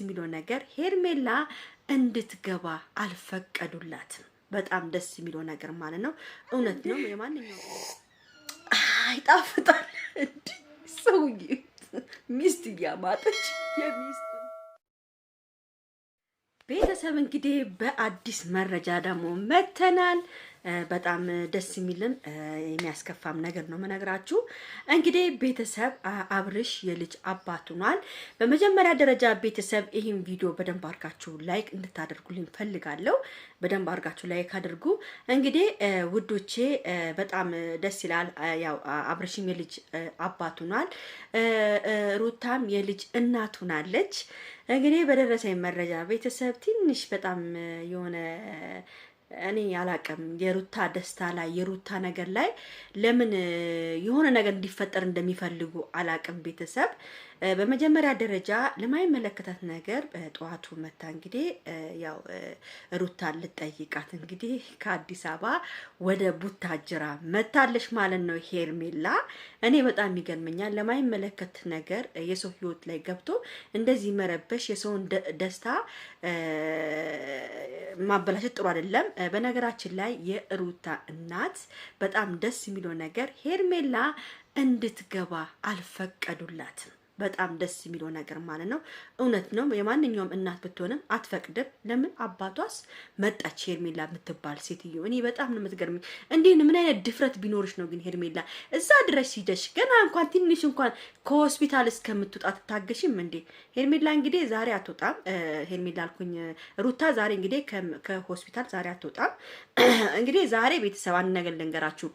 ደስ የሚለው ነገር ሄርሜላ እንድትገባ አልፈቀዱላትም። በጣም ደስ የሚለው ነገር ማለት ነው። እውነት ነው። የማንኛው ይጣፍጣል። ሰውዬ ሚስት እያማጠች የሚስት ቤተሰብ እንግዲህ በአዲስ መረጃ ደግሞ መተናል። በጣም ደስ የሚልም የሚያስከፋም ነገር ነው መነግራችሁ። እንግዲህ ቤተሰብ አብርሽ የልጅ አባት ሆኗል። በመጀመሪያ ደረጃ ቤተሰብ ይህን ቪዲዮ በደንብ አድርጋችሁ ላይክ እንድታደርጉልኝ ፈልጋለሁ። በደንብ አድርጋችሁ ላይክ አድርጉ። እንግዲህ ውዶቼ በጣም ደስ ይላል። ያው አብርሽም የልጅ አባት ሆኗል፣ ሩታም የልጅ እናት ሆናለች። እንግዲህ በደረሰኝ መረጃ ቤተሰብ ትንሽ በጣም የሆነ እኔ አላቅም የሩታ ደስታ ላይ የሩታ ነገር ላይ ለምን የሆነ ነገር እንዲፈጠር እንደሚፈልጉ አላቅም ቤተሰብ በመጀመሪያ ደረጃ ለማይመለከታት ነገር ጠዋቱ መታ እንግዲህ ያው ሩታን ልጠይቃት እንግዲህ ከአዲስ አበባ ወደ ቡታጅራ መታለች ማለት ነው ሄርሜላ። እኔ በጣም ይገርመኛል። ለማይመለከት ነገር የሰው ሕይወት ላይ ገብቶ እንደዚህ መረበሽ፣ የሰውን ደስታ ማበላሸት ጥሩ አይደለም። በነገራችን ላይ የሩታ እናት በጣም ደስ የሚለው ነገር ሄርሜላ እንድትገባ አልፈቀዱላትም። በጣም ደስ የሚለው ነገር ማለት ነው። እውነት ነው። የማንኛውም እናት ብትሆንም አትፈቅድም። ለምን አባቷስ መጣች ሄርሜላ የምትባል ሴትዮ። እኔ በጣም ነው የምትገርመኝ። እንዲህ ምን አይነት ድፍረት ቢኖርሽ ነው ግን ሄርሜላ እዛ ድረስ ሂደሽ ገና እንኳን ትንሽ እንኳን ከሆስፒታል እስከምትወጣ ትታገሽም እንዴ? ሄርሜላ እንግዲህ ዛሬ አትወጣም። ሄርሜላ አልኩኝ ሩታ ዛሬ እንግዲህ ከሆስፒታል ዛሬ አትወጣም። እንግዲህ ዛሬ ቤተሰብ አንድ ነገር ልንገራችሁ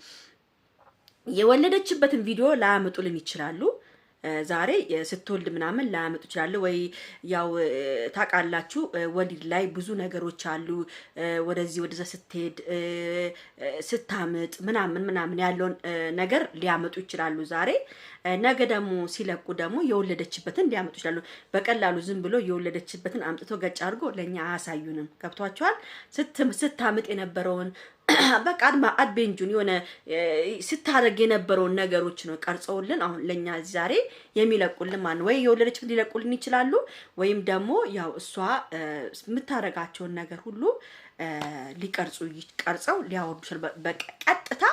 የወለደችበትን ቪዲዮ ላያመጡልን ይችላሉ። ዛሬ ስትወልድ ምናምን ላያመጡ ይችላል ወይ ያው ታውቃላችሁ፣ ወሊድ ላይ ብዙ ነገሮች አሉ። ወደዚህ ወደዛ ስትሄድ ስታምጥ ምናምን ምናምን ያለውን ነገር ሊያመጡ ይችላሉ ዛሬ። ነገ ደግሞ ሲለቁ ደግሞ የወለደችበትን ሊያመጡ ይችላሉ። በቀላሉ ዝም ብሎ የወለደችበትን አምጥቶ ገጭ አድርጎ ለእኛ አያሳዩንም። ገብቷቸዋል። ስታምጥ የነበረውን በቃ አድማ አድቤንጁን የሆነ ስታደርግ የነበረውን ነገሮች ነው ቀርጸውልን አሁን ለእኛ ዛሬ የሚለቁልን ማን ወይ የወለደች ሊለቁልን ይችላሉ፣ ወይም ደግሞ ያው እሷ የምታደርጋቸውን ነገር ሁሉ ሊቀርጹ ቀርጸው ሊያወርዱ ቀጥታ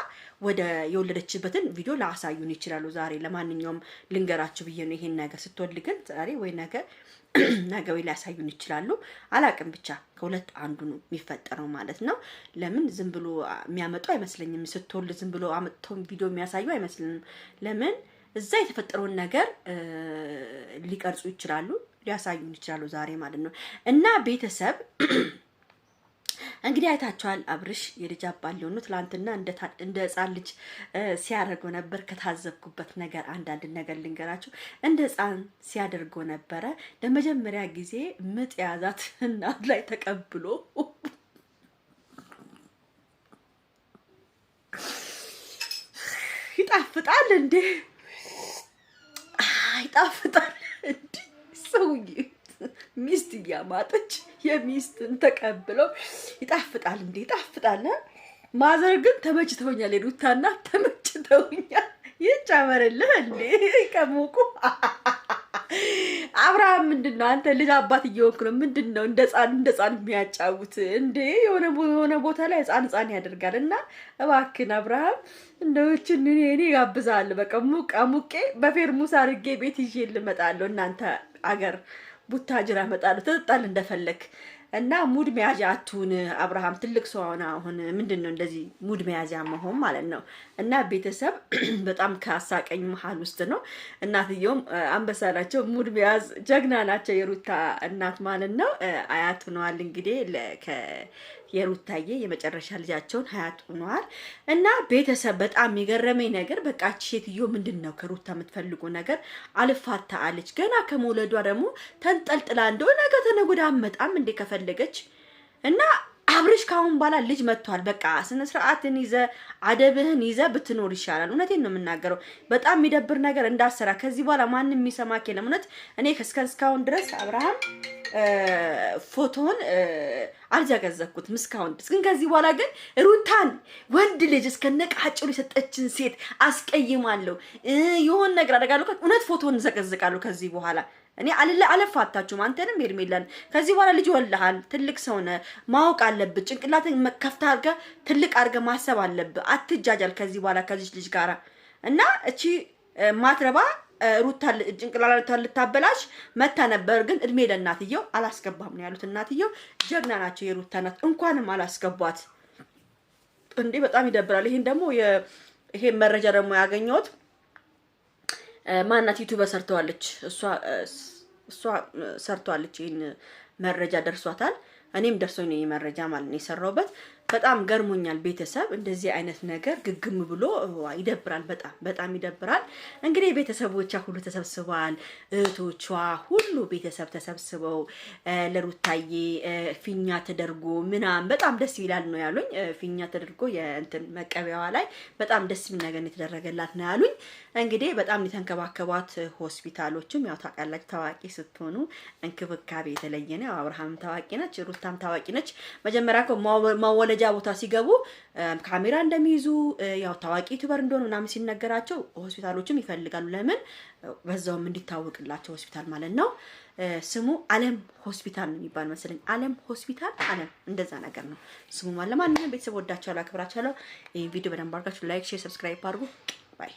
ወደ የወለደችበትን ቪዲዮ ላሳዩን ይችላሉ። ዛሬ ለማንኛውም ልንገራችሁ ብዬ ነው ይሄን ነገር። ስትወልድ ግን ዛሬ ወይ ነገ ነገ ወይ ሊያሳዩን ይችላሉ። አላቅም ብቻ ከሁለት አንዱ ነው የሚፈጠረው ማለት ነው። ለምን ዝም ብሎ የሚያመጡ አይመስለኝም። ስትወልድ ዝም ብሎ አመጥተው ቪዲዮ የሚያሳዩ አይመስለኝም። ለምን እዛ የተፈጠረውን ነገር ሊቀርጹ ይችላሉ፣ ሊያሳዩን ይችላሉ ዛሬ ማለት ነው እና ቤተሰብ እንግዲህ አይታችኋል። አብርሽ የልጅ አባት ሊሆኑ ትላንትና እንደ ህፃን ልጅ ሲያደርገው ነበር። ከታዘብኩበት ነገር አንዳንድ ነገር ልንገራችሁ። እንደ ህፃን ሲያደርገው ነበረ። ለመጀመሪያ ጊዜ ምጥ የያዛት እናት ላይ ተቀብሎ ይጣፍጣል እንዴ! ይጣፍጣል እንዴ! ሰውዬ ሚስት እያማጠች የሚስትን ተቀብሎ ይጣፍጣል እንዴ ይጣፍጣል። ማዘር ግን ተመችተውኛል፣ የሩታና ተመችተውኛል። ይጨመርልህ እንዴ ከሞቁ አብርሃም ምንድን ነው አንተ ልጅ አባት እየወንክ ነው ምንድን ነው እንደ ህፃን እንደ ህፃን የሚያጫውት እንዴ የሆነ ቦታ ላይ ህፃን ህፃን ያደርጋል እና እባክን አብርሃም እንደዎችን እኔ እኔ ጋብዛለሁ በቃ ሙቃ ሙቄ በፌርሙስ አድርጌ ቤት ይዤ ልመጣለሁ እናንተ አገር ቡታጅራ መጣለሁ ትጣል እንደፈለግ እና ሙድ መያዣ አትሁን አብርሃም። ትልቅ ሰው ሆነ አሁን ምንድን ነው እንደዚህ ሙድ መያዣ መሆን ማለት ነው። እና ቤተሰብ በጣም ከአሳቀኝ መሀል ውስጥ ነው። እናትየውም አንበሳ ናቸው፣ ሙድ መያዝ ጀግና ናቸው። የሩታ እናት ማለት ነው። አያት ሆነዋል እንግዲህ የሩታዬ የመጨረሻ ልጃቸውን ሀያት ሆነዋል እና ቤተሰብ በጣም የገረመኝ ነገር በቃ ሴትዮ ምንድን ነው ከሩታ የምትፈልጉ ነገር አልፋታ አለች። ገና ከመውለዷ ደግሞ ተንጠልጥላ እንደሆነ ነገ ተነጎዳ አመጣም እንዴ ከፈለገች እና አብርሽ ካሁን በኋላ ልጅ መጥቷል። በቃ ስነ ስርዓትን ይዘ አደብህን ይዘ ብትኖር ይሻላል። እውነቴን ነው የምናገረው። በጣም የሚደብር ነገር እንዳሰራ ከዚህ በኋላ ማንም የሚሰማ የለም። እውነት እኔ እስከ እስካሁን ድረስ አብርሃም ፎቶውን አልዘገዘኩትም እስካሁን ድረስ። ግን ከዚህ በኋላ ግን ሩታን ወንድ ልጅ እስከነ የሰጠችን ሴት አስቀይማለሁ፣ የሆን ነገር አደርጋለሁ። እውነት ፎቶውን ዘገዝቃለሁ ከዚህ በኋላ እኔ አልለ አለፋታችሁም አንተንም ሄርሜላን ከዚህ በኋላ ልጅ ወልሃል፣ ትልቅ ሰው ነህ፣ ማወቅ አለብህ። ጭንቅላትን ከፍታ አድርገህ ትልቅ አድርገህ ማሰብ አለብህ። አትጃጃል ከዚህ በኋላ ከዚች ልጅ ጋራ እና እቺ ማትረባ ሩታ ጭንቅላታ ልታበላሽ መታ ነበር፣ ግን እድሜ ለእናትየው አላስገባም ነው ያሉት። እናትየው ጀግና ናቸው። የሩታ ናት እንኳንም አላስገቧት። እንዴ በጣም ይደብራል። ይሄን ደግሞ ይሄ መረጃ ደግሞ ያገኘሁት ማናት ዩቱበር ሰርተዋለች፣ እሷ ሰርተዋለች። ይህን መረጃ ደርሷታል። እኔም ደርሶኝ ነው ይሄ መረጃ ማለት ነው የሰራሁበት በጣም ገርሞኛል። ቤተሰብ እንደዚህ አይነት ነገር ግግም ብሎ ይደብራል። በጣም በጣም ይደብራል። እንግዲህ ቤተሰቦቿ ሁሉ ተሰብስበዋል። እህቶቿ ሁሉ ቤተሰብ ተሰብስበው ለሩታዬ ፊኛ ተደርጎ ምናምን በጣም ደስ ይላል ነው ያሉኝ። ፊኛ ተደርጎ የእንትን መቀቢያዋ ላይ በጣም ደስ የሚል ነገር የተደረገላት ነው ያሉኝ። እንግዲህ በጣም የተንከባከቧት ሆስፒታሎችም ያው ታውቃላችሁ፣ ታዋቂ ስትሆኑ እንክብካቤ የተለየ ነው። አብርሃም ታዋቂ ነች፣ ሩታም ታዋቂ ነች። መጀመሪያ ማወለ መሄጃ ቦታ ሲገቡ ካሜራ እንደሚይዙ ያው ታዋቂ ዩቱበር እንደሆኑ ምናምን ሲነገራቸው ሆስፒታሎችም ይፈልጋሉ። ለምን በዛውም እንዲታወቅላቸው ሆስፒታል ማለት ነው። ስሙ አለም ሆስፒታል ነው የሚባል መሰለኝ። አለም ሆስፒታል አለም እንደዛ ነገር ነው ስሙ ማለት። ለማንኛውም ቤተሰብ ወዳቸዋለሁ፣ አክብራቸዋለሁ። ይህን ቪዲዮ በደንብ አድርጋችሁ ላይክ፣ ሼር፣ ሰብስክራይብ አድርጉ። ባይ